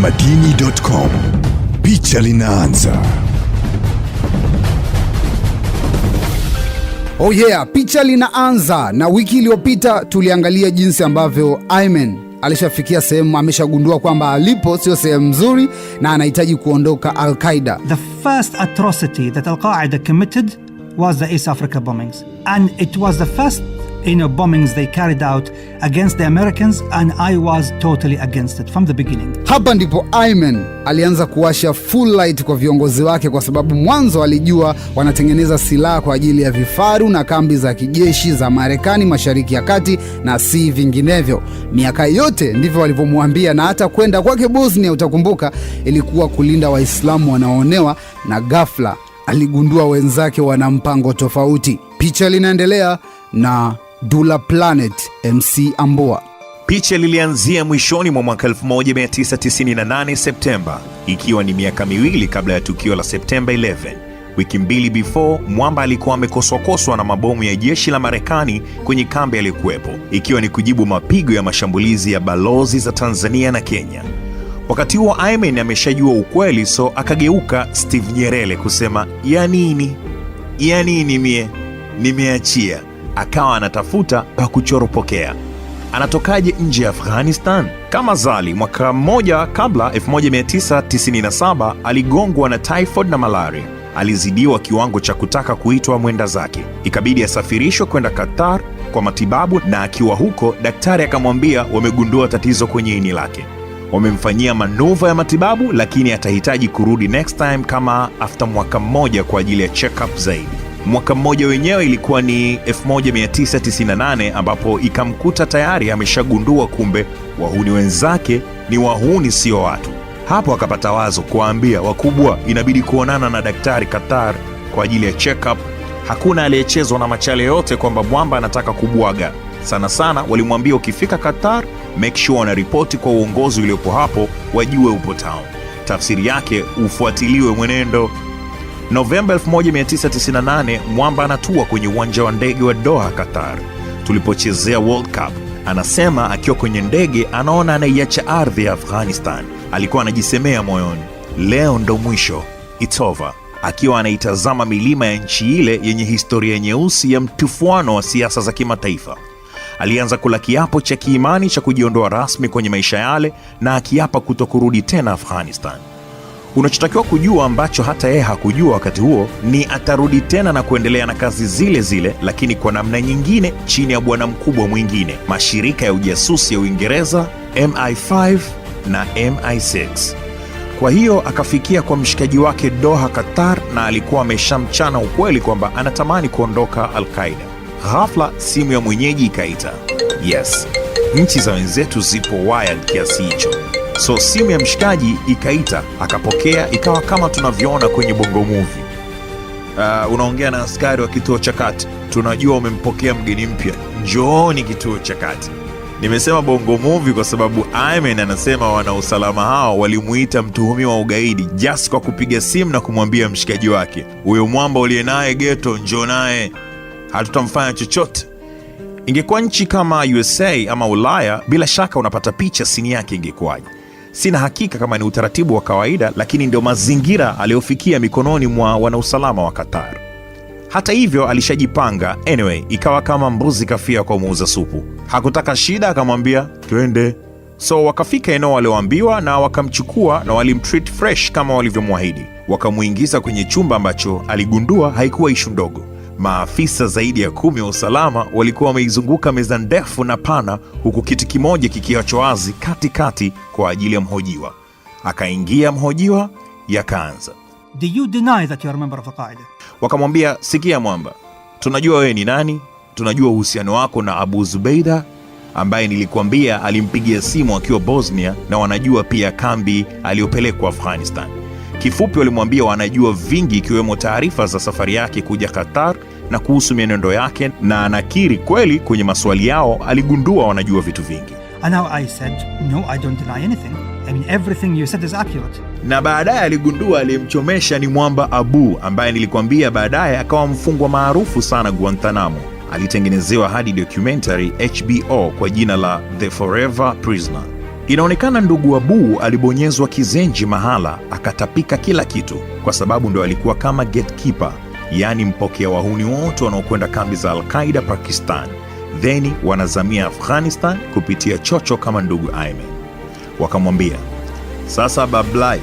madini.com Picha linaanza. Oh yeah, picha linaanza na wiki iliyopita tuliangalia jinsi ambavyo Aymen alishafikia sehemu ameshagundua kwamba alipo sio sehemu nzuri na anahitaji kuondoka Al-Qaeda. The first atrocity that Al-Qaeda committed was the East Africa bombings and it was the first inner bombings they carried out against the Americans and I was totally against it from the beginning. Hapa ndipo Ayman alianza kuwasha full light kwa viongozi wake kwa sababu mwanzo alijua wanatengeneza silaha kwa ajili ya vifaru na kambi za kijeshi za Marekani Mashariki ya Kati na si vinginevyo. Miaka yote ndivyo walivyomwambia na hata kwenda kwake Bosnia, utakumbuka ilikuwa kulinda Waislamu wanaoonewa na ghafla aligundua wenzake wana mpango tofauti. Picha linaendelea na Dula Planet MC Ambua. Picha lilianzia mwishoni mwa mwaka 1998 Septemba, ikiwa ni miaka miwili kabla ya tukio la Septemba 11. Wiki mbili before Mwamba alikuwa amekoswakoswa na mabomu ya jeshi la Marekani kwenye kambi aliyokuwepo, ikiwa ni kujibu mapigo ya mashambulizi ya balozi za Tanzania na Kenya. Wakati huo Ayman ameshajua ukweli, so akageuka Steve Nyerere kusema ya nini ya nini, mie nimeachia akawa anatafuta pa kuchoropokea. Anatokaje nje ya Afghanistan? Kama Zali, mwaka mmoja kabla 1997 aligongwa na typhoid na malaria. Alizidiwa kiwango cha kutaka kuitwa mwenda zake, ikabidi asafirishwe kwenda Qatar kwa matibabu, na akiwa huko daktari akamwambia wamegundua tatizo kwenye ini lake, wamemfanyia manuva ya matibabu, lakini atahitaji kurudi next time kama after mwaka mmoja kwa ajili ya check up zaidi. Mwaka mmoja wenyewe ilikuwa ni 1998 ambapo ikamkuta tayari ameshagundua kumbe wahuni wenzake ni wahuni, sio watu. Hapo akapata wazo kuwaambia wakubwa, inabidi kuonana na daktari Katar kwa ajili ya check-up. Hakuna aliyechezwa na machale yote kwamba mwamba anataka kubwaga. Sana sana walimwambia ukifika Qatar, make sure ripoti kwa uongozi uliopo hapo, wajue upo town. Tafsiri yake ufuatiliwe mwenendo. Novemba 1998 Mwamba anatua kwenye uwanja wa ndege wa Doha, Qatar, tulipochezea World Cup. Anasema akiwa kwenye ndege anaona anaiacha ardhi ya Afghanistan. Alikuwa anajisemea moyoni, leo ndo mwisho, it's over, akiwa anaitazama milima ya nchi ile yenye historia nyeusi ya mtufuano wa siasa za kimataifa. Alianza kula kiapo cha kiimani cha kujiondoa rasmi kwenye maisha yale na akiapa kutokurudi tena Afghanistan. Unachotakiwa kujua ambacho hata yeye hakujua wakati huo ni atarudi tena na kuendelea na kazi zile zile, lakini kwa namna nyingine, chini ya bwana mkubwa mwingine. Mashirika ya ujasusi ya Uingereza MI5 na MI6. Kwa hiyo akafikia kwa mshikaji wake Doha, Qatar, na alikuwa ameshamchana ukweli kwamba anatamani kuondoka alqaida Ghafla simu ya mwenyeji ikaita. Yes, nchi za wenzetu zipo wild kiasi hicho. So simu ya mshikaji ikaita, akapokea, ikawa kama tunavyoona kwenye bongo movie. Uh, unaongea na askari wa kituo cha kati, tunajua umempokea mgeni mpya, njooni kituo cha kati. Nimesema bongo movie kwa sababu Aimen anasema wanausalama hao walimuita mtuhumiwa wa ugaidi just kwa kupiga simu na kumwambia mshikaji wake, huyo mwamba uliye naye geto, njoo naye, hatutamfanya chochote. Ingekuwa nchi kama USA ama Ulaya, bila shaka unapata picha sini yake ingekuwaje? Sina hakika kama ni utaratibu wa kawaida, lakini ndio mazingira aliyofikia mikononi mwa wanausalama wa Qatar. Hata hivyo alishajipanga anyway, ikawa kama mbuzi kafia kwa muuza supu. Hakutaka shida, akamwambia twende. So wakafika eneo walioambiwa na wakamchukua na walimtreat fresh kama walivyomwahidi. Wakamwingiza kwenye chumba ambacho aligundua haikuwa ishu ndogo. Maafisa zaidi ya kumi wa usalama walikuwa wameizunguka meza ndefu na pana, huku kiti kimoja kikiachwa wazi katikati kwa ajili ya mhojiwa. Akaingia mhojiwa, yakaanza. Wakamwambia, sikia mwamba, tunajua wewe ni nani, tunajua uhusiano wako na Abu Zubeida ambaye nilikuambia alimpigia simu akiwa Bosnia, na wanajua pia kambi aliyopelekwa Afghanistan. Kifupi, walimwambia wanajua vingi, ikiwemo taarifa za safari yake kuja Qatar na kuhusu mienendo yake, na anakiri kweli kwenye maswali yao aligundua wanajua vitu vingi. Na baadaye aligundua aliyemchomesha ni Mwamba Abu ambaye nilikwambia baadaye akawa mfungwa maarufu sana Guantanamo. Alitengenezewa hadi documentary HBO kwa jina la The Forever Prisoner. Inaonekana ndugu Abu alibonyezwa kizenji mahala akatapika kila kitu, kwa sababu ndo alikuwa kama gatekeeper yaani mpokea wahuni wote wanaokwenda kambi za Alqaida Pakistan, theni wanazamia Afghanistan kupitia Chocho kama ndugu aimen Wakamwambia, sasa Bablai,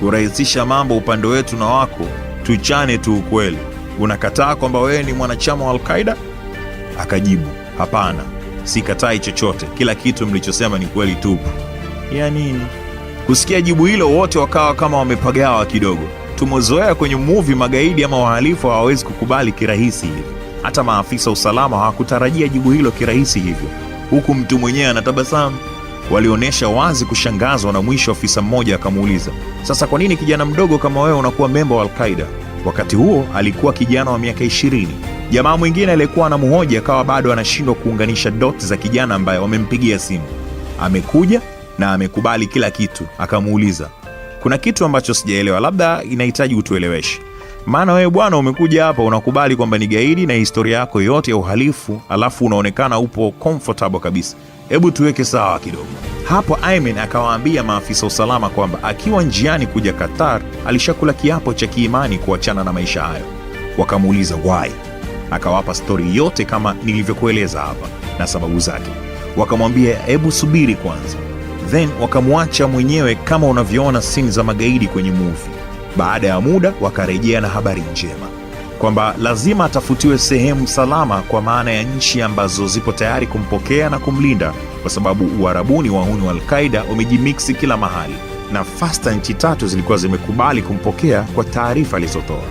kurahisisha mambo upande wetu na wako, tuchane tu ukweli. Unakataa kwamba wewe ni mwanachama wa Alqaida? Akajibu, hapana, sikatai chochote, kila kitu mlichosema ni kweli tupu. Ya yaani nini? Kusikia jibu hilo, wote wakawa kama wamepagawa kidogo. Tumezoea kwenye muvi magaidi ama wahalifu hawawezi kukubali kirahisi hivi. Hata maafisa usalama hawakutarajia jibu hilo kirahisi hivyo, huku mtu mwenyewe anatabasamu. Walionyesha wazi kushangazwa, na mwisho afisa mmoja akamuuliza, sasa kwa nini kijana mdogo kama wewe unakuwa memba wa Alqaida? Wakati huo alikuwa kijana wa miaka ishirini. Jamaa mwingine aliyekuwa anamhoji akawa bado anashindwa kuunganisha doti za kijana ambaye wamempigia simu, amekuja na amekubali kila kitu, akamuuliza kuna kitu ambacho sijaelewa, labda inahitaji utueleweshe. Maana wewe bwana, umekuja hapa unakubali kwamba ni gaidi na historia yako yote ya uhalifu, alafu unaonekana upo comfortable kabisa. Hebu tuweke sawa kidogo hapo. Ayman akawaambia maafisa usalama kwamba akiwa njiani kuja Qatar alishakula kiapo cha kiimani kuachana na maisha hayo. Wakamuuliza why, akawapa stori yote kama nilivyokueleza hapa na sababu zake. Wakamwambia hebu subiri kwanza then wakamwacha mwenyewe kama unavyoona sini za magaidi kwenye muvi. Baada ya muda wakarejea na habari njema kwamba lazima atafutiwe sehemu salama, kwa maana ya nchi ambazo zipo tayari kumpokea na kumlinda, kwa sababu uharabuni wahuni wa Alqaida wamejimiksi kila mahali, na fasta nchi tatu zilikuwa zimekubali kumpokea kwa taarifa alizotoa.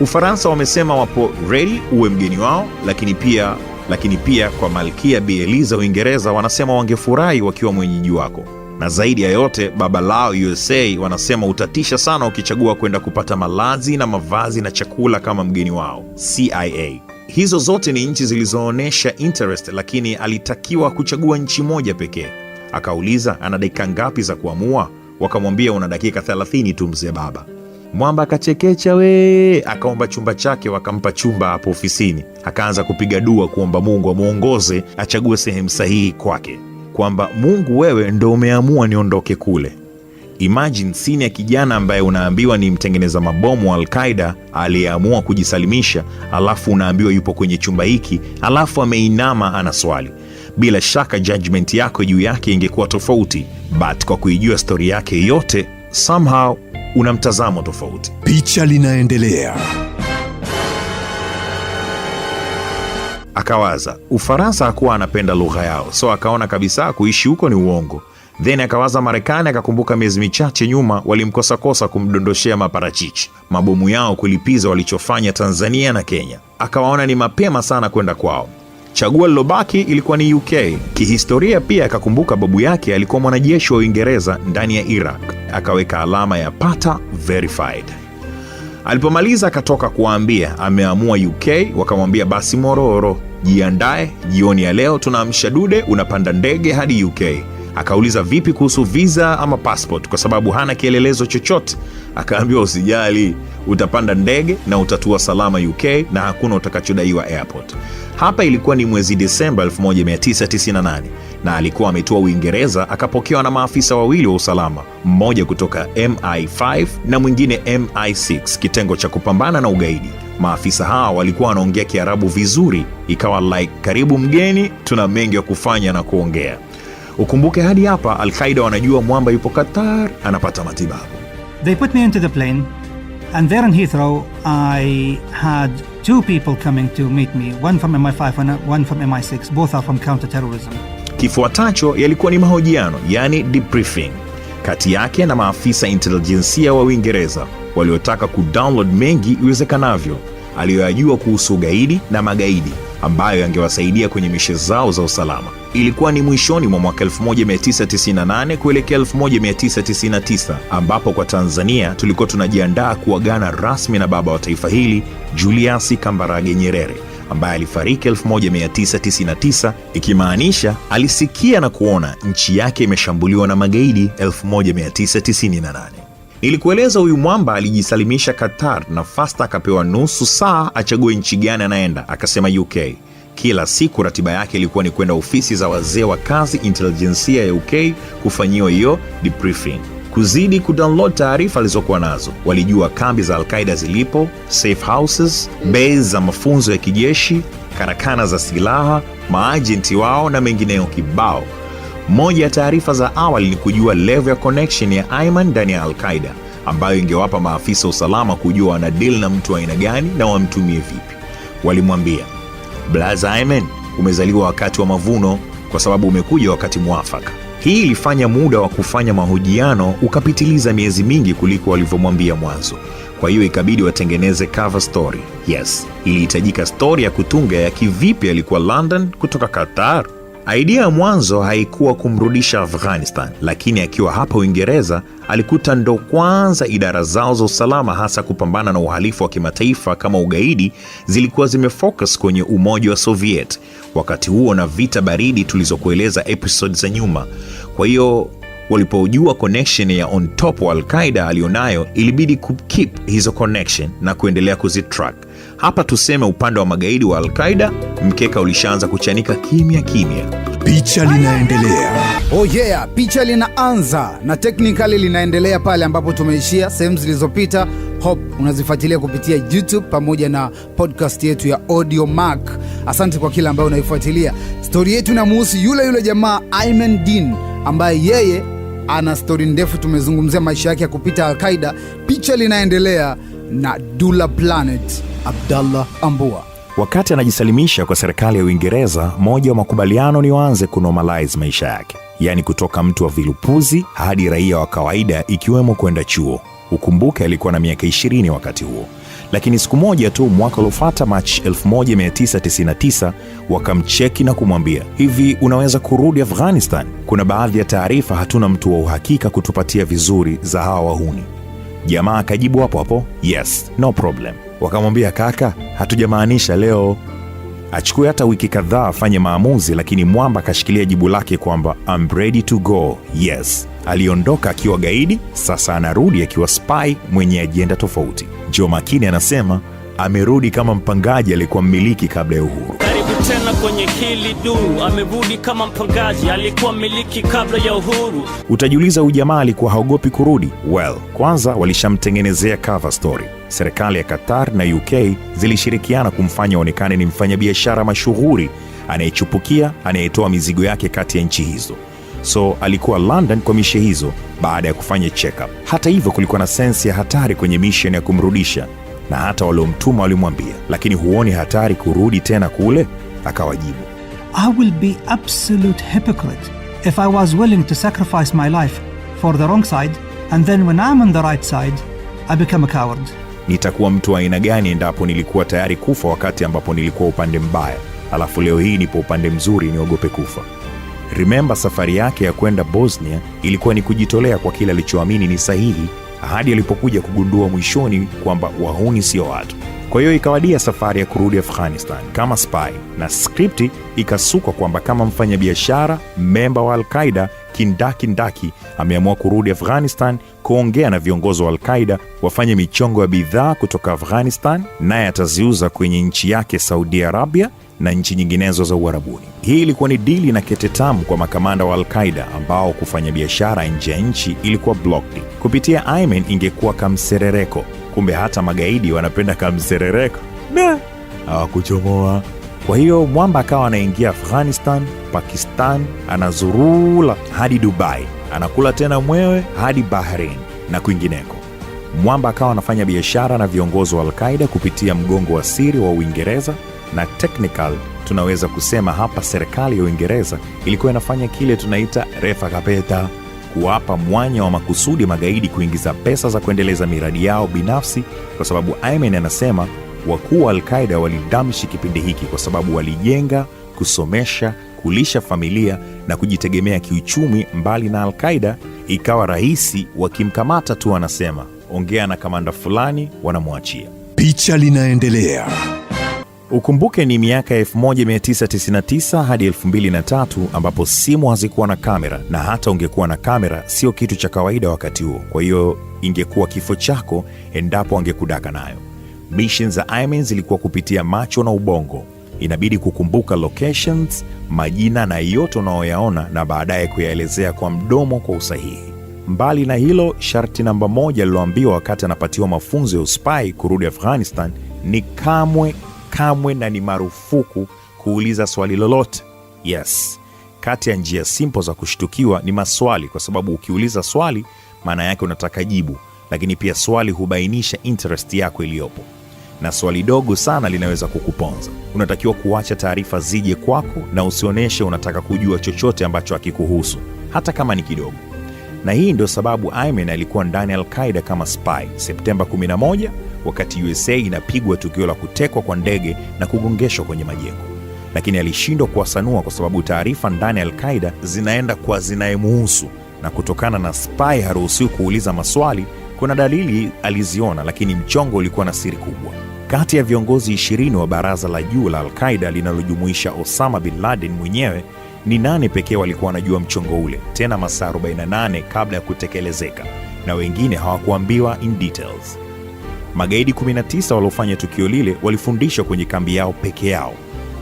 Ufaransa wamesema wapo redi uwe mgeni wao, lakini pia lakini pia kwa Malkia Bi Eliza Uingereza wanasema wangefurahi wakiwa mwenyeji wako, na zaidi ya yote baba lao USA wanasema utatisha sana ukichagua kwenda kupata malazi na mavazi na chakula kama mgeni wao CIA. Hizo zote ni nchi zilizoonyesha interest, lakini alitakiwa kuchagua nchi moja pekee. Akauliza ana dakika ngapi za kuamua? Wakamwambia una dakika 30 tu mzee baba. Mwamba akachekecha we, akaomba chumba chake, wakampa chumba hapo ofisini. Akaanza kupiga dua kuomba Mungu amwongoze achague sehemu sahihi kwake, kwamba Mungu, wewe ndo umeamua niondoke kule. Imagine sini ya kijana ambaye unaambiwa ni mtengeneza mabomu wa Alqaida aliyeamua kujisalimisha, alafu unaambiwa yupo kwenye chumba hiki, alafu ameinama anaswali. Bila shaka judgment yako juu yake ingekuwa tofauti, but kwa kuijua stori yake yote somehow una mtazamo tofauti. Picha linaendelea. Akawaza Ufaransa hakuwa anapenda lugha yao, so akaona kabisa kuishi huko ni uongo. Then akawaza Marekani, akakumbuka miezi michache nyuma walimkosakosa kumdondoshea maparachichi mabomu yao kulipiza walichofanya Tanzania na Kenya. Akawaona ni mapema sana kwenda kwao. Chaguo lilobaki ilikuwa ni UK. Kihistoria pia akakumbuka babu yake alikuwa mwanajeshi wa Uingereza ndani ya Iraq, akaweka alama ya pata verified. Alipomaliza akatoka kuwaambia ameamua UK, wakamwambia basi mororo, jiandae, jioni ya leo tunaamsha dude, unapanda ndege hadi UK. Akauliza vipi kuhusu visa ama passport, kwa sababu hana kielelezo chochote. Akaambiwa usijali utapanda ndege na utatua salama UK na hakuna utakachodaiwa airport. Hapa ilikuwa ni mwezi Desemba 1998 na alikuwa ametoa Uingereza, akapokewa na maafisa wawili wa usalama, mmoja kutoka MI5 na mwingine MI6, kitengo cha kupambana na ugaidi. Maafisa hawa walikuwa wanaongea Kiarabu vizuri, ikawa like karibu mgeni, tuna mengi ya kufanya na kuongea. Ukumbuke hadi hapa Alqaida wanajua mwamba yupo Qatar, anapata matibabu. They put me into the plane. And there in Heathrow, I had two people coming to meet me, one from MI5 and one from MI6. Both are from counterterrorism. Kifuatacho yalikuwa ni mahojiano, yani debriefing, kati yake na maafisa intelijensia wa Uingereza waliotaka kudownload mengi iwezekanavyo aliyoyajua kuhusu ugaidi na magaidi ambayo yangewasaidia kwenye mishe zao za usalama ilikuwa ni mwishoni mwa mwaka 1998 kuelekea 1999 ambapo kwa Tanzania tulikuwa tunajiandaa kuagana rasmi na baba wa taifa hili Julius Kambarage Nyerere ambaye alifariki 1999 ikimaanisha alisikia na kuona nchi yake imeshambuliwa na magaidi 1998. Nilikueleza huyu mwamba alijisalimisha Qatar, nafasta akapewa nusu saa achague nchi gani anaenda, akasema UK. Kila siku ratiba yake ilikuwa ni kwenda ofisi za wazee wa kazi intelijensia ya UK kufanyiwa hiyo debriefing kuzidi kudownload taarifa alizokuwa nazo. Walijua kambi za Alqaida zilipo, safe houses, bei za mafunzo ya kijeshi, karakana za silaha, maajenti wao na mengineyo kibao. Moja ya taarifa za awali ni kujua level ya connection ya Ayman ndani ya Alqaida, ambayo ingewapa maafisa usalama kujua wanadili na mtu wa aina gani na wamtumie vipi. Walimwambia Blaza umezaliwa wakati wa mavuno kwa sababu umekuja wakati mwafaka. Hii ilifanya muda wa kufanya mahojiano ukapitiliza miezi mingi kuliko walivyomwambia mwanzo, kwa hiyo ikabidi watengeneze cover story. Yes, ilihitajika story ya kutunga ya kivipi alikuwa London kutoka Qatar aidia ya mwanzo haikuwa kumrudisha Afghanistan, lakini akiwa hapa Uingereza alikuta ndo kwanza idara zao za usalama, hasa kupambana na uhalifu wa kimataifa kama ugaidi, zilikuwa zimefocus kwenye Umoja wa Soviet wakati huo na vita baridi tulizokueleza episode za nyuma. Kwa hiyo walipojua connection ya on top wa Alqaida aliyonayo, ilibidi kukeep hizo connection na kuendelea kuzitrack. Hapa tuseme upande wa magaidi wa alqaida mkeka ulishaanza kuchanika kimya kimya. Picha linaendelea. Oh yeah, picha linaanza na technically linaendelea pale ambapo tumeishia sehemu zilizopita. Hope unazifuatilia kupitia YouTube pamoja na podcast yetu ya Audio Mark. Asante kwa kila ambayo unaifuatilia. Stori yetu inamuhusu yule yule jamaa Ayman Dean ambaye yeye ana stori ndefu. Tumezungumzia maisha yake ya kupita Alqaida. Picha linaendelea na Dula Planet. Abdallah Ambua. Wakati anajisalimisha kwa serikali ya Uingereza, moja wa makubaliano ni waanze kunormalize maisha yake, yaani kutoka mtu wa vilupuzi hadi raia wa kawaida, ikiwemo kwenda chuo. Ukumbuke alikuwa na miaka 20 wakati huo, lakini siku moja tu mwaka uliofuata, Machi 1999 wakamcheki na kumwambia hivi, unaweza kurudi Afghanistan? Kuna baadhi ya taarifa hatuna mtu wa uhakika kutupatia vizuri za hawa wahuni. Jamaa akajibu hapo hapo, yes no problem. Wakamwambia, kaka, hatujamaanisha leo. Achukue hata wiki kadhaa afanye maamuzi, lakini mwamba akashikilia jibu lake kwamba I'm ready to go, yes. Aliondoka akiwa gaidi, sasa anarudi akiwa spy mwenye ajenda tofauti. Joe Makini anasema amerudi kama mpangaji aliyekuwa mmiliki kabla ya uhuru sana kwenye hili duru, amerudi kama mpangaji alikuwa miliki kabla ya uhuru. Utajiuliza, huyu jamaa alikuwa haogopi kurudi? Well, kwanza walishamtengenezea cover story. Serikali ya Qatar na UK zilishirikiana kumfanya onekane ni mfanyabiashara mashuhuri anayechupukia, anayetoa mizigo yake kati ya nchi hizo. So alikuwa London kwa mishe hizo baada ya kufanya check-up. Hata hivyo, kulikuwa na sensi ya hatari kwenye mission ya kumrudisha na hata waliomtuma walimwambia, lakini huoni hatari kurudi tena kule? Akawajibu, I will be absolute hypocrite if I was willing to sacrifice my life for the wrong side and then when I'm on the right side I become a coward. Nitakuwa mtu wa aina gani endapo nilikuwa tayari kufa wakati ambapo nilikuwa upande mbaya, alafu leo hii nipo upande mzuri, niogope kufa? rimemba safari yake ya kwenda Bosnia ilikuwa ni kujitolea kwa kile alichoamini ni sahihi, hadi alipokuja kugundua mwishoni kwamba wahuni sio watu. Kwa hiyo ikawadia safari ya kurudi Afghanistan kama spy, na skripti ikasukwa kwamba kama mfanyabiashara memba wa Alqaida kindakindaki ameamua kurudi Afghanistan kuongea na viongozi wa Alqaida wafanye michongo ya bidhaa kutoka Afghanistan, naye ataziuza kwenye nchi yake Saudi Arabia na nchi nyinginezo za Uarabuni. Hii ilikuwa ni dili na kete tamu kwa makamanda wa Alqaida ambao kufanya biashara nje ya nchi ilikuwa blocked. Kupitia Ayman ingekuwa kamserereko kumbe hata magaidi wanapenda kamserereko na hawakuchomoa. Kwa hiyo mwamba akawa anaingia Afghanistan, Pakistan, anazurula hadi Dubai, anakula tena mwewe hadi Bahrain na kwingineko. Mwamba akawa anafanya biashara na viongozi wa Alqaida kupitia mgongo wa siri wa Uingereza na technical, tunaweza kusema hapa serikali ya Uingereza ilikuwa inafanya kile tunaita refa kapeta kuwapa mwanya wa makusudi magaidi kuingiza pesa za kuendeleza miradi yao binafsi, kwa sababu Aimen anasema wakuu wa al walidamshi kipindi hiki kwa sababu walijenga, kusomesha, kulisha familia na kujitegemea kiuchumi. Mbali na al ikawa rahisi, wakimkamata tu anasema ongea na kamanda fulani, wanamwachia. Picha linaendelea. Ukumbuke ni miaka ya 1999 hadi 2003 ambapo simu hazikuwa na kamera na hata ungekuwa na kamera sio kitu cha kawaida wakati huo. Kwa hiyo ingekuwa kifo chako endapo angekudaka nayo. Missions za IMAN zilikuwa kupitia macho na ubongo. Inabidi kukumbuka locations, majina na yote unaoyaona na baadaye kuyaelezea kwa mdomo kwa usahihi. Mbali na hilo, sharti namba moja aliloambiwa wakati anapatiwa mafunzo ya uspai kurudi Afghanistan ni kamwe kamwe na ni marufuku kuuliza swali lolote. Yes, kati ya njia simple za kushtukiwa ni maswali, kwa sababu ukiuliza swali maana yake unataka jibu, lakini pia swali hubainisha interest yako iliyopo, na swali dogo sana linaweza kukuponza. Unatakiwa kuacha taarifa zije kwako na usionyeshe unataka kujua chochote ambacho hakikuhusu hata kama ni kidogo. Na hii ndio sababu Ayman alikuwa ndani Al-Qaeda kama spy Septemba 11 wakati USA inapigwa tukio la kutekwa kwa ndege na kugongeshwa kwenye majengo, lakini alishindwa kuwasanua kwa sababu taarifa ndani ya al zinaenda kwa zinayemuhusu, na kutokana na spy haruhusiwi kuuliza maswali, kuna dalili aliziona, lakini mchongo ulikuwa na siri kubwa. Kati ya viongozi ishirini wa baraza la juu la al linalojumuisha Osama bin Laden mwenyewe ni nane pekee walikuwa wanajua mchongo ule, tena masaa 48 kabla ya kutekelezeka, na wengine hawakuambiwa in details. Magaidi 19 waliofanya tukio lile walifundishwa kwenye kambi yao peke yao.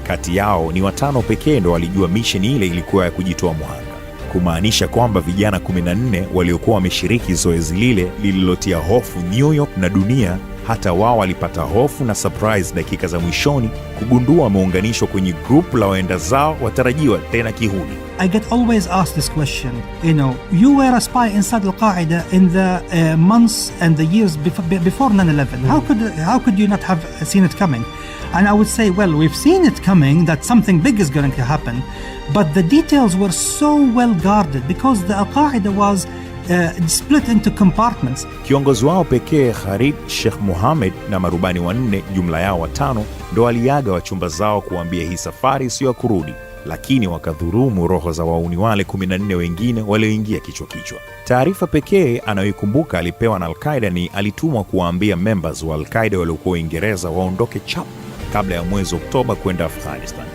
Kati yao ni watano pekee ndo walijua misheni ile ilikuwa ya kujitoa mhanga, kumaanisha kwamba vijana 14 waliokuwa wameshiriki zoezi lile lililotia hofu New York na dunia hata wao walipata hofu na surprise dakika za mwishoni kugundua wameunganishwa kwenye grupu la waenda zao watarajiwa tena kihuni. I get always asked this question, you know, you were a spy inside al-Qaeda in the uh, months and the years before 9/11. How could how could you not have seen it coming? And I would say, well, we've seen it coming that something big is going to happen, but the details were so well guarded because the al-Qaeda was uh, split into compartments. Kiongozi wao pekee Harid Sheikh Mohammed na marubani wanne, jumla yao watano, ndo waliaga wachumba zao kuambia hii safari sio ya kurudi, lakini wakadhurumu roho za wauni wale 14 wengine walioingia kichwa kichwa. Taarifa pekee anayoikumbuka alipewa na Alqaida ni alitumwa kuwaambia members wa Alqaida waliokuwa Uingereza waondoke chap kabla ya mwezi Oktoba kwenda Afghanistan,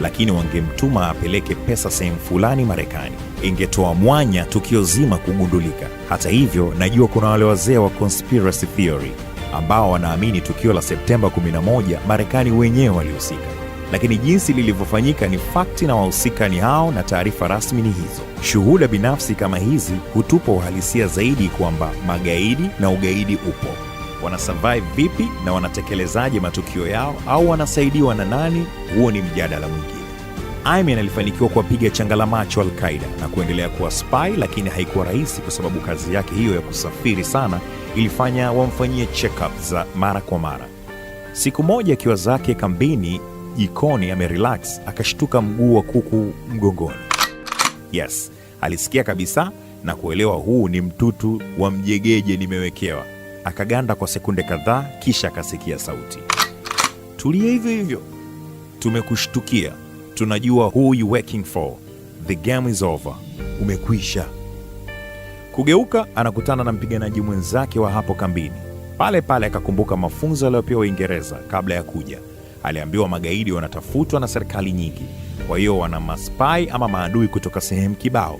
lakini wangemtuma apeleke pesa sehemu fulani Marekani ingetoa mwanya tukio zima kugundulika. Hata hivyo, najua kuna wale wazee wa conspiracy theory ambao wanaamini tukio la Septemba 11 Marekani wenyewe walihusika, lakini jinsi lilivyofanyika ni fakti na wahusika ni hao na taarifa rasmi ni hizo. Shuhuda binafsi kama hizi hutupa uhalisia zaidi kwamba magaidi na ugaidi upo, wanasurvive vipi na wanatekelezaje matukio yao, au wanasaidiwa na nani? Huo ni mjadala mwingine. Ayman alifanikiwa kuwapiga changa la macho Al-Qaida na kuendelea kuwa spy, lakini haikuwa rahisi kwa sababu kazi yake hiyo ya kusafiri sana ilifanya wamfanyie check-up za mara kwa mara. Siku moja akiwa zake kambini jikoni amerelax, akashtuka mguu wa kuku mgongoni. Yes, alisikia kabisa na kuelewa huu ni mtutu wa mjegeje nimewekewa. Akaganda kwa sekunde kadhaa, kisha akasikia sauti, tulie hivyo hivyo, tumekushtukia tunajua who you working for, the game is over, umekwisha. Kugeuka anakutana na mpiganaji mwenzake wa hapo kambini. Pale pale akakumbuka mafunzo aliyopewa Uingereza kabla ya kuja. Aliambiwa magaidi wanatafutwa na serikali nyingi, kwa hiyo wana maspai ama maadui kutoka sehemu kibao.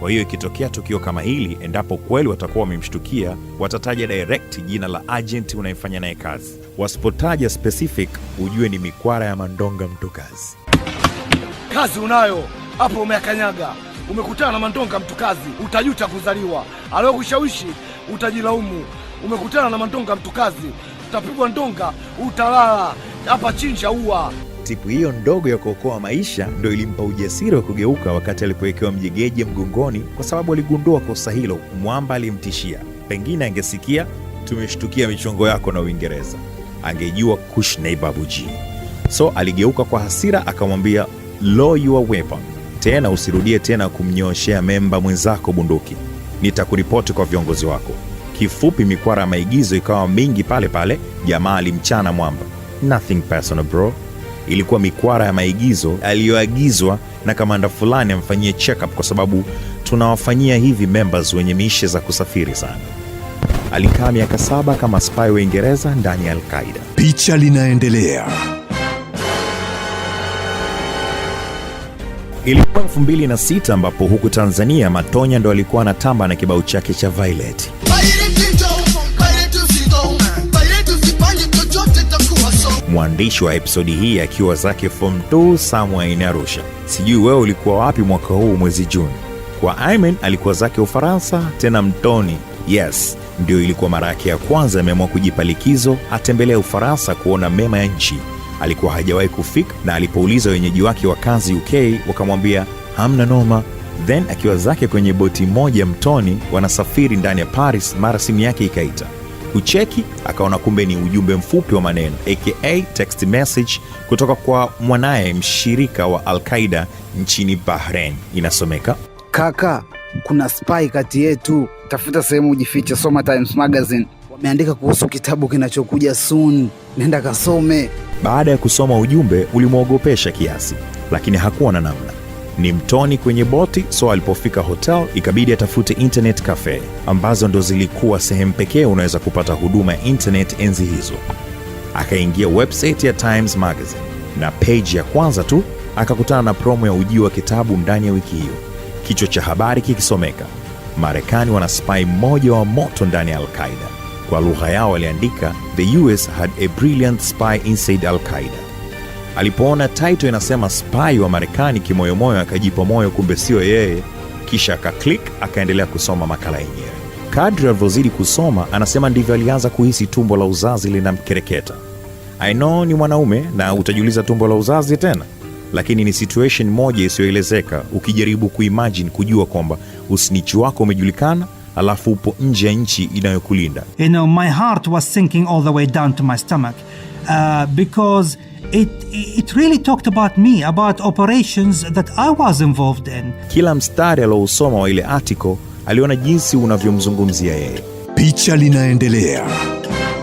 Kwa hiyo ikitokea tukio kama hili, endapo kweli watakuwa wamemshtukia, watataja direct jina la agent unayefanya naye kazi. Wasipotaja specific, ujue ni mikwara ya mandonga mtu kazi kazi unayo hapo, umeakanyaga umekutana na mandonga mtu kazi, utajuta kuzaliwa. kushawishi utajilaumu. Umekutana na mandonga mtu kazi, utapigwa ndonga, utalala hapa chinja ua. Tipu hiyo ndogo ya kuokoa maisha ndo ilimpa ujasiri wa kugeuka wakati alipowekewa mjegeje mgongoni, kwa sababu aligundua kosa hilo mwamba alimtishia. Pengine angesikia tumeshtukia michongo yako na Uingereza, angejua kushnei babuji So aligeuka kwa hasira akamwambia Lower your weapon. Tena usirudie tena kumnyooshea memba mwenzako bunduki, nitakuripoti kwa viongozi wako. Kifupi, mikwara ya maigizo ikawa mingi pale pale. Jamaa alimchana mwamba. Nothing personal bro. Ilikuwa mikwara ya maigizo aliyoagizwa na kamanda fulani amfanyie check up, kwa sababu tunawafanyia hivi members wenye mishe za kusafiri sana. Alikaa miaka saba kama spy wa Uingereza ndani ya Alqaida. Picha linaendelea. Ilikuwa elfu mbili na sita ambapo huku Tanzania Matonya ndo alikuwa anatamba na kibao chake cha Violet. Mwandishi wa episodi hii akiwa zake form 2 somewhere in Arusha. Sijui wewe ulikuwa wapi mwaka huu mwezi Juni? Kwa Aimen alikuwa zake Ufaransa, tena mtoni. Yes, ndio ilikuwa mara yake ya kwanza ameamua kujipa likizo atembelea Ufaransa kuona mema ya nchi alikuwa hajawahi kufika, na alipouliza wenyeji wake wa kazi UK wakamwambia hamna noma. Then akiwa zake kwenye boti moja mtoni, wanasafiri ndani ya Paris, mara simu yake ikaita. Kucheki akaona kumbe ni ujumbe mfupi wa maneno aka text message kutoka kwa mwanaye mshirika wa alqaida nchini bahrein Inasomeka, kaka, kuna spy kati yetu, tafuta sehemu ujifiche. Soma Times Magazine wameandika kuhusu kitabu kinachokuja soon, nenda kasome. Baada ya kusoma ujumbe ulimwogopesha kiasi, lakini hakuwa na namna. Ni mtoni kwenye boti, so alipofika hotel ikabidi atafute internet cafe ambazo ndo zilikuwa sehemu pekee unaweza kupata huduma ya internet enzi hizo. Akaingia website ya Times Magazine na page ya kwanza tu akakutana na promo ya ujio wa kitabu ndani ya wiki hiyo, kichwa cha habari kikisomeka Marekani wana spai mmoja wa moto ndani ya Al-Qaida. Kwa lugha yao aliandika, the US had a brilliant spy inside al Alipoona taito inasema spy wa Marekani, kimoyomoyo akajipa moyo, kumbe siyo yeye. Kisha akaklik akaendelea kusoma makala yenyewe. Kadri alivyozidi kusoma, anasema ndivyo alianza kuhisi tumbo la uzazi linamkereketa. aino ni mwanaume na utajiuliza tumbo la uzazi tena, lakini ni situation moja isiyoelezeka ukijaribu kuimajini kujua kwamba usinichi wako umejulikana alafu upo nje ya nchi inayokulinda. You know, my heart was sinking all the way down to my stomach uh, because It, it really talked about me, about operations that I was involved in. Kila mstari aliousoma wa ile article aliona jinsi unavyomzungumzia yeye. Picha linaendelea.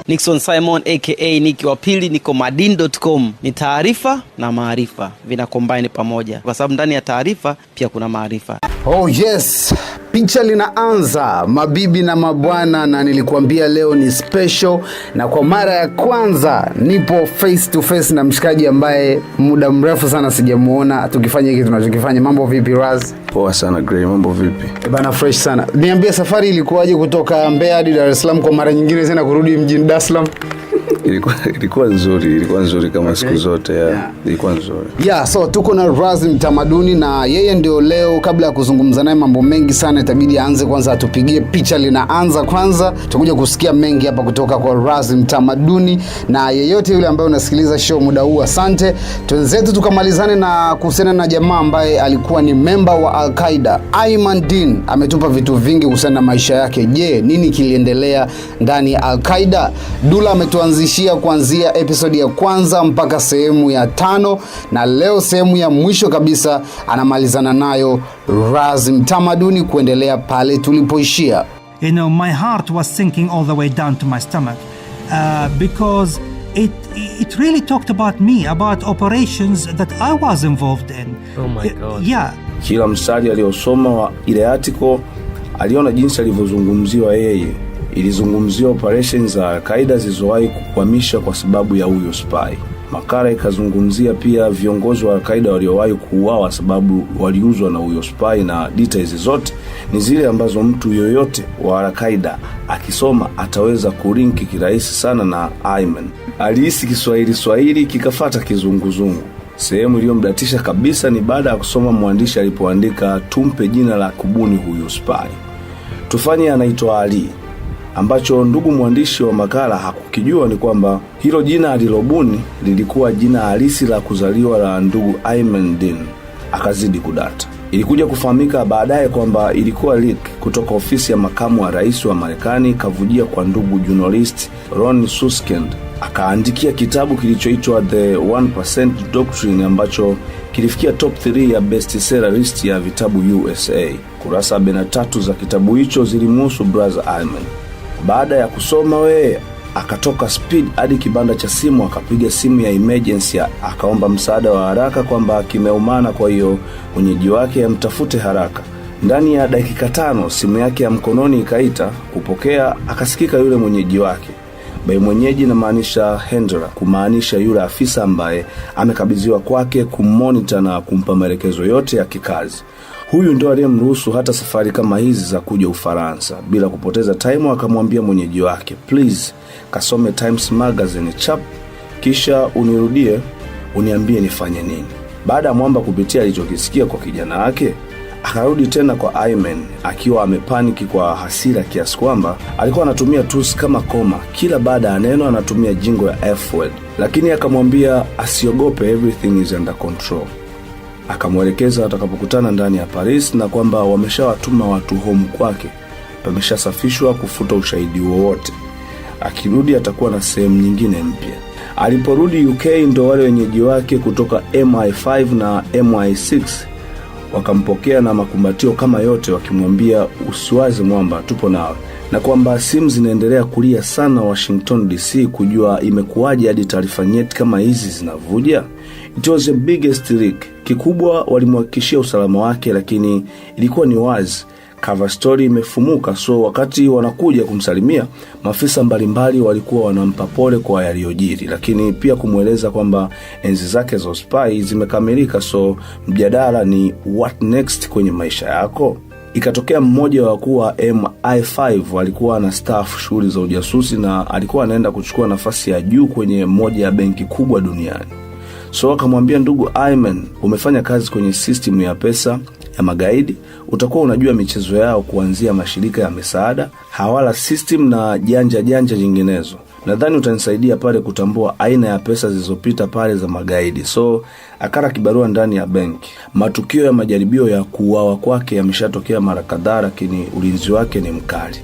Nixon Simon aka Niki wa pili, niko madin.com. Ni taarifa na maarifa vinakombaini pamoja, kwa sababu ndani ya taarifa pia kuna maarifa. Oh yes. Picha linaanza mabibi na mabwana, na nilikuambia leo ni special, na kwa mara ya kwanza nipo face to face na mshikaji ambaye muda mrefu sana sijamuona tukifanya hiki tunachokifanya. Mambo vipi Raz? Poa sana Gray, mambo vipi eh, bana? Fresh sana. Niambie, safari ilikuwaje kutoka Mbeya hadi Dar es Salaam kwa mara nyingine tena kurudi mjini Dar es Salaam? ilikuwa, ilikuwa nzuri ilikuwa nzuri kama okay. siku zote ya, yeah. ilikuwa nzuri yeah, so tuko na razim Mtamaduni na yeye ndio leo, kabla ya kuzungumza naye mambo mengi sana, itabidi aanze kwanza atupigie picha linaanza kwanza, tutakuja kusikia mengi hapa kutoka kwa razim Mtamaduni na yeyote yule ambaye unasikiliza show muda huu, asante twenzetu, tukamalizane na kuhusiana na jamaa ambaye alikuwa ni memba wa Al Qaida Ayman Din, ametupa vitu vingi kuhusiana na maisha yake. Je, nini kiliendelea ndani ya Al Dula ametuanzisha tumeishia kuanzia episodi ya kwanza mpaka sehemu ya tano, na leo sehemu ya mwisho kabisa anamalizana nayo Razim Tamaduni kuendelea pale tulipoishia. You know, my heart was sinking all the way down to my stomach uh, because it it really talked about me about operations that I was involved in. Oh my God. Yeah. Kila msali aliyosoma ile article aliona jinsi alivyozungumziwa yeye ilizungumzia operesheni za alkaida qaida zilizowahi kukwamisha kwa sababu ya huyo spy. Makala ikazungumzia pia viongozi wa alkaida waliowahi kuuawa sababu waliuzwa na huyo spai, na details zote ni zile ambazo mtu yoyote wa alkaida akisoma ataweza kulinki kirahisi sana. Na Ayman alihisi Kiswahili Swahili kikafata kizunguzungu. Sehemu iliyomdatisha kabisa ni baada ya kusoma mwandishi alipoandika, tumpe jina la kubuni huyu spai, tufanye anaitwa Ali ambacho ndugu mwandishi wa makala hakukijua ni kwamba hilo jina alilobuni lilikuwa jina halisi la kuzaliwa la ndugu Ayman Din. Akazidi kudata. Ilikuja kufahamika baadaye kwamba ilikuwa leak kutoka ofisi ya makamu wa rais wa Marekani kavujia kwa ndugu journalist Ron Suskind, akaandikia kitabu kilichoitwa The 1% Doctrine ambacho kilifikia top 3 ya seller list ya vitabu USA. Kurasa 43 za kitabu hicho zilimuhusu brother Ayman. Baada ya kusoma we, akatoka speed hadi kibanda cha simu, akapiga simu ya emergency, akaomba msaada wa haraka kwamba kimeumana, kwa hiyo mwenyeji wake amtafute haraka. Ndani ya dakika tano simu yake ya mkononi ikaita. Kupokea akasikika yule mwenyeji wake Bai mwenyeji namaanisha Hendra, kumaanisha yule afisa ambaye amekabidhiwa kwake kummonita na kumpa maelekezo yote ya kikazi. Huyu ndo aliyemruhusu hata safari kama hizi za kuja Ufaransa. Bila kupoteza time, akamwambia mwenyeji wake, please kasome Times Magazine chap, kisha unirudie uniambie nifanye nini. Baada ya mwamba kupitia alichokisikia kwa kijana wake, akarudi tena kwa aimen akiwa amepaniki kwa hasira kiasi kwamba alikuwa anatumia tusi kama koma, kila baada ya neno anatumia jingo ya F word, lakini akamwambia asiogope, everything is under control akamwelekeza atakapokutana ndani ya Paris na kwamba wameshawatuma watu home kwake, pameshasafishwa kufuta ushahidi wowote. Akirudi atakuwa na sehemu nyingine mpya. Aliporudi UK, ndo wale wenyeji wake kutoka MI5 na MI6 wakampokea na makumbatio kama yote, wakimwambia usiwaze mwamba, tupo nawe, na kwamba simu zinaendelea kulia sana Washington DC kujua imekuwaje hadi taarifa nyeti kama hizi zinavuja it was the biggest leak. Kikubwa walimhakikishia usalama wake, lakini ilikuwa ni wazi cover story imefumuka. So wakati wanakuja kumsalimia maafisa mbalimbali walikuwa wanampa pole kwa yaliyojiri, lakini pia kumweleza kwamba enzi zake za uspai zimekamilika. So mjadala ni what next kwenye maisha yako. Ikatokea mmoja wa wakuu wa MI5 alikuwa na staff shughuli za ujasusi na alikuwa anaenda kuchukua nafasi ya juu kwenye moja ya benki kubwa duniani. So akamwambia ndugu Ayman, umefanya kazi kwenye sistemu ya pesa ya magaidi, utakuwa unajua michezo yao kuanzia mashirika ya misaada, hawala sistemu na janja janja nyinginezo. Nadhani utanisaidia pale kutambua aina ya pesa zilizopita pale za magaidi. So akara kibarua ndani ya benki. Matukio ya majaribio ya kuuawa kwake yameshatokea mara kadhaa, lakini ulinzi wake ni mkali.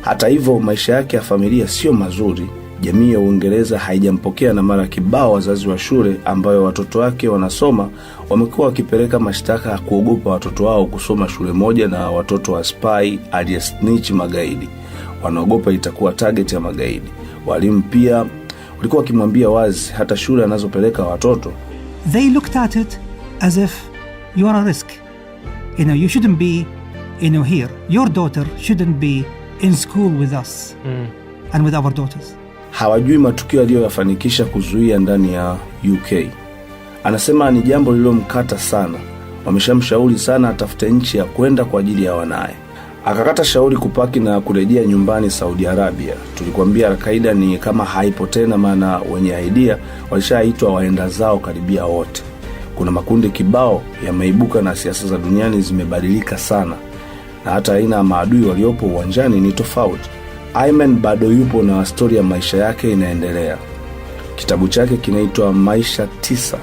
Hata hivyo, maisha yake ya familia siyo mazuri jamii ya Uingereza haijampokea na mara kibao wazazi wa shule ambayo watoto wake wanasoma wamekuwa wakipeleka mashtaka ya kuogopa watoto wao kusoma shule moja na watoto wa spy aliyesnitch magaidi. Wanaogopa itakuwa target ya magaidi. Walimu pia walikuwa wakimwambia wazi hata shule anazopeleka watoto. They looked at it as if you are a risk. You know, you shouldn't be, you know, here. Your daughter shouldn't be in school with us mm. and with our daughters hawajui matukio aliyoyafanikisha kuzuia ndani ya UK. Anasema ni jambo lililomkata sana, wameshamshauri sana atafute nchi ya kwenda kwa ajili ya wanaye. Akakata shauri kupaki na kurejea nyumbani Saudi Arabia. Tulikwambia Alkaida ni kama haipo tena, maana wenye aidia walishaitwa waenda zao karibia wote. Kuna makundi kibao yameibuka na siasa za duniani zimebadilika sana, na hata aina ya maadui waliopo uwanjani ni tofauti. Ayman bado yupo na stori ya maisha yake inaendelea. Kitabu chake kinaitwa Maisha Tisa,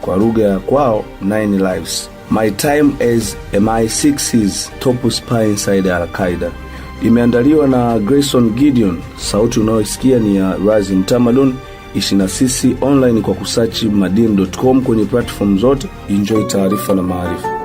kwa lugha ya kwao Nine Lives. My Time as MI6's Top Spy Inside Al-Qaeda imeandaliwa na Grayson Gideon. Sauti unayoisikia ni ya Razi tamadon Ishi na sisi online kwa kusachi madin.com kwenye platform zote. Enjoy taarifa na maarifa.